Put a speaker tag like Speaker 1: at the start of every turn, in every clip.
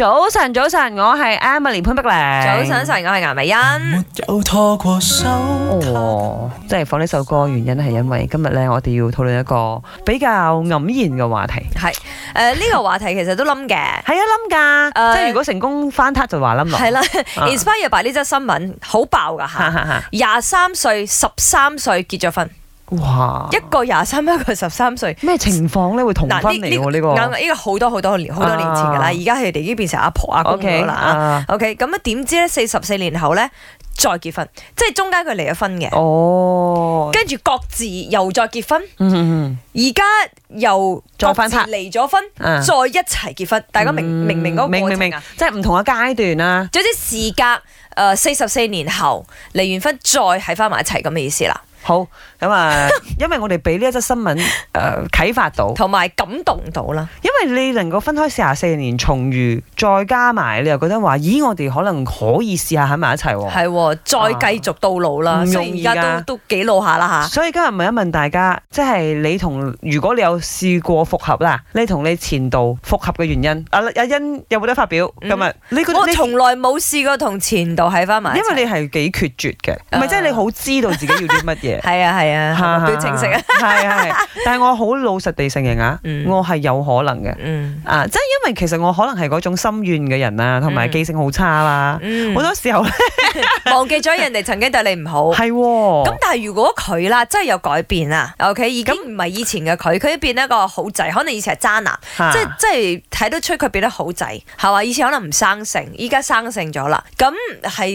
Speaker 1: 早晨，早晨，我係 Emily 潘碧玲。早晨，晨，我係顏美欣。沒有拖過手。哦，即係放呢首歌原因係因為今日咧，我哋要討論一個比較黯然嘅話題。
Speaker 2: 係，誒，呢個話題其實都冧嘅。係啊，冧噶。即係如果成功翻撻就話冧咯。係啦，inspired by 呢則新聞好爆噶吓。廿三歲，十三歲結咗婚。哇！一個廿三，一個十三歲，咩情況咧？會同翻嚟呢個呢、這個這個好多好多年，好、啊、多年前噶啦，而家佢哋已經變成阿婆、啊、阿公噶啦。OK，咁啊？點、okay，啊 okay，知咧？四十四年後咧再結婚，即係中間佢離咗婚嘅。哦，跟住各自又再結婚。而、嗯、家、嗯、又各自離咗婚，嗯，再一齊結婚。大家明、嗯、明明嗰、那個過程啊，即係唔同嘅階段啦。總、呃、之，事隔誒四十四年後離完婚，再喺翻埋一齊咁嘅意思啦。好，咁啊，因為我哋俾呢一則新聞誒啟、 呃、發到，同埋感動到啦。
Speaker 1: 即係你能夠分開四廿四年重遇，再加埋，你又覺得話，咦，我哋可能可以試下喺埋一齊，啊？係，
Speaker 2: 哦，再繼續到老啦。而家易都幾老下啦吓。
Speaker 1: 所以今日問一問大家，即係你同，如果你有試過復合啦，你同你前度復合嘅原因，阿阿欣有冇得發表？嗯、今日
Speaker 2: 你覺得我從、哦，來冇試過同前度喺翻埋。因為
Speaker 1: 你係幾決絕嘅，唔係即
Speaker 2: 係你好知道自己要啲乜嘢。係啊係啊，對清晰啊。係係、啊啊啊啊啊，但係我
Speaker 1: 好老實地承認啊，我係有可能嘅。嗯啊，即係因為其實我可能係嗰種心軟嘅人啊，同埋記性好差啦，好、嗯、多
Speaker 2: 時候 忘記咗人哋曾經對你唔好。係、哦，咁但係如果佢啦，真係有改變啊，OK，已經唔係以前嘅佢，佢變一個好仔，可能以前係渣男，即係即係睇得出佢變得好仔，係嘛？以前可能唔生性，依家生性咗啦。咁係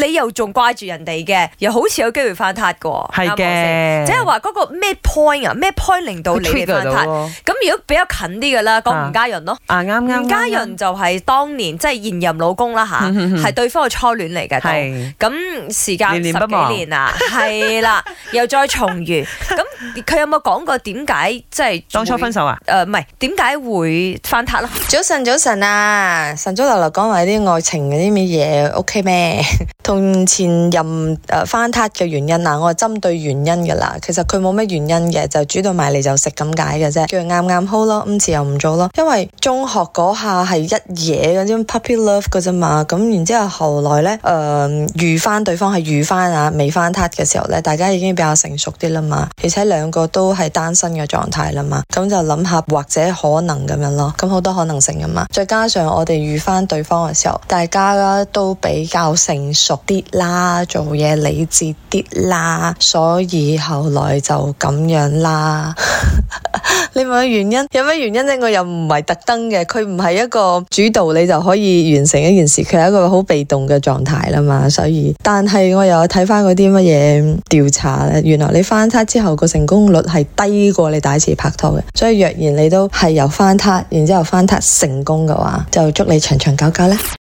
Speaker 2: 你又仲掛住人哋嘅，又好似有機會翻撻噶。係嘅，即係話嗰個咩 point 啊？咩 point 令到你哋翻撻？咁如果比較近啲嘅啦。講吳家潤咯，吳、啊啊、家潤就係當年，啊啊啊是當年啊啊、即係現任老公啦吓，係、啊、對方嘅初戀嚟嘅，咁時間十幾年啊，係啦， 又再重遇咁。 佢有冇講過點解即係當初分手啊？
Speaker 3: 誒、呃，唔係點解會翻撻咯？早晨早晨啊，晨早流流講話啲愛情嗰啲咩嘢，OK 咩？同 前任誒、呃、翻撻嘅原因嗱，我係針對原因噶啦。其實佢冇咩原因嘅，就煮到埋嚟就食咁解嘅啫，叫佢啱啱好咯，今次又唔做咯。因為中學嗰下係一嘢嗰啲 puppy love 噶啫嘛，咁然之後後來咧誒遇翻對方係遇翻啊，未翻撻嘅時候咧，大家已經比較成熟啲啦嘛，而且兩個都係單身嘅狀態啦嘛，咁就諗下或者可能咁樣咯，咁好多可能性㗎嘛。再加上我哋遇翻對方嘅時候，大家都比較成熟啲啦，做嘢理智啲啦，所以後來就咁樣啦。 你問原因有咩原因咧？我又唔係特登嘅，佢唔係一個主導你就可以完成一件事，佢係一個好被動嘅狀態啦嘛。所以，但係我又睇翻嗰啲乜嘢調查咧，原來你翻差之後個。成功率係低過你第一次拍拖嘅，所以若然你都係由翻撻，然之後翻撻成功嘅話，就祝你長長
Speaker 2: 久久啦。